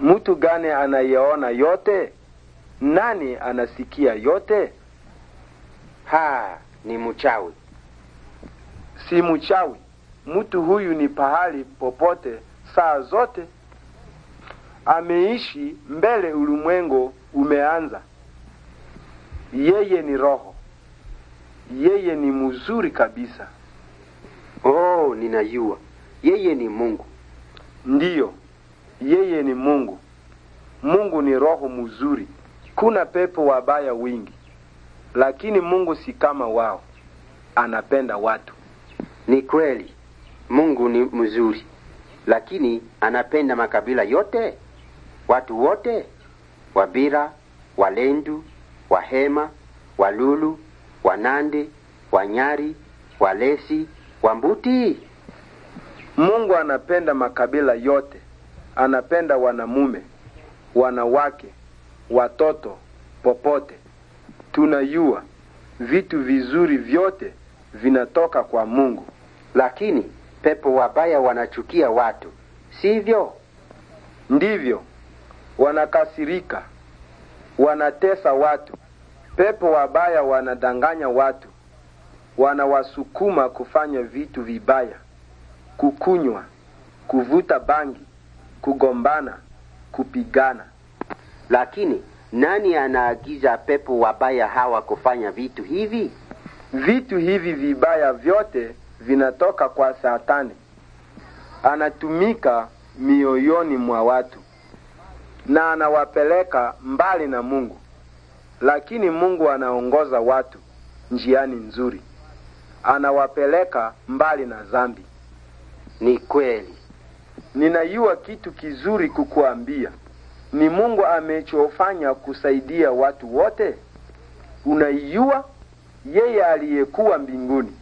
Mtu gani anayeona yote? Nani anasikia yote? Ha, ni mchawi. Si mchawi, mtu huyu ni pahali popote, saa zote ameishi mbele ulimwengu umeanza. Yeye ni roho, yeye ni mzuri kabisa. Oh, ninajua yeye ni Mungu. Ndiyo, yeye ni Mungu. Mungu ni roho mzuri. Kuna pepo wabaya wingi, lakini Mungu si kama wao, anapenda watu. Ni kweli Mungu ni mzuri, lakini anapenda makabila yote, watu wote, Wabira, Walendu, Wahema, Walulu, Wanande, Wanyari, Walesi, Wambuti. Mungu anapenda makabila yote anapenda wanamume, wanawake, watoto popote. Tunajua vitu vizuri vyote vinatoka kwa Mungu, lakini pepo wabaya wanachukia watu, sivyo? Ndivyo, wanakasirika, wanatesa watu. Pepo wabaya wanadanganya watu, wanawasukuma kufanya vitu vibaya, kukunywa, kuvuta bangi, kugombana, kupigana. Lakini nani anaagiza pepo wabaya hawa kufanya vitu hivi? Vitu hivi vibaya vyote vinatoka kwa Satani, anatumika mioyoni mwa watu na anawapeleka mbali na Mungu, lakini Mungu anaongoza watu njiani nzuri, anawapeleka mbali na dhambi. Ni kweli ninayua kitu kizuri kukuambia, ni Mungu amechofanya kusaidia watu wote. Unaijua yeye aliyekuwa mbinguni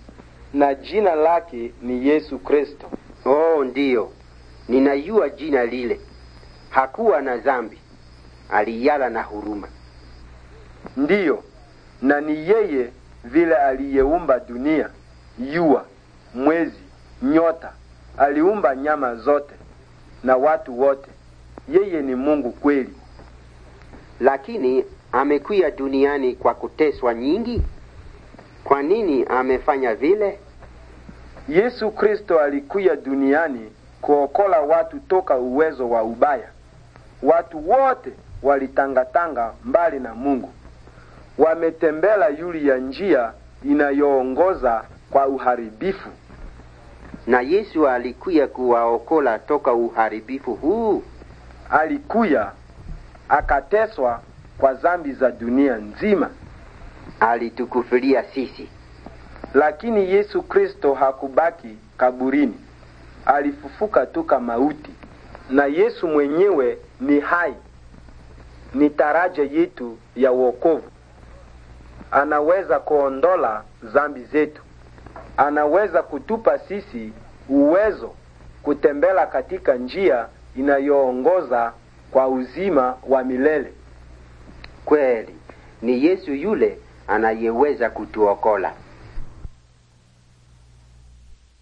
na jina lake ni Yesu Kristo. Oh, ndiyo ninajua jina lile. Hakuwa na dhambi, aliyala na huruma. Ndiyo, na ni yeye vile aliyeumba dunia, jua, mwezi, nyota aliumba nyama zote na watu wote. Yeye ni Mungu kweli, lakini amekuya duniani kwa kuteswa nyingi. Kwa nini amefanya vile? Yesu Kristo alikuya duniani kuokola watu toka uwezo wa ubaya. Watu wote walitangatanga mbali na Mungu, wametembela yuli ya njia inayoongoza kwa uharibifu na Yesu alikuya kuwaokola toka uharibifu huu. Alikuya akateswa kwa zambi za dunia nzima, alitukufulia sisi. Lakini Yesu Kristo hakubaki kaburini, alifufuka toka mauti, na Yesu mwenyewe ni hai, ni taraja yetu ya wokovu, anaweza kuondola zambi zetu anaweza kutupa sisi uwezo kutembela katika njia inayoongoza kwa uzima wa milele. Kweli ni Yesu yule anayeweza kutuokola.